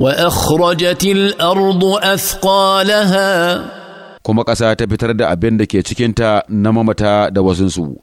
وأخرجت الأرض أثقالها كما قسا تبتر دا أبين دا كي تشكين تا نمامتا دا وزنسو